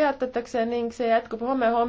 peatatakse ning see jätkub homme hommikul.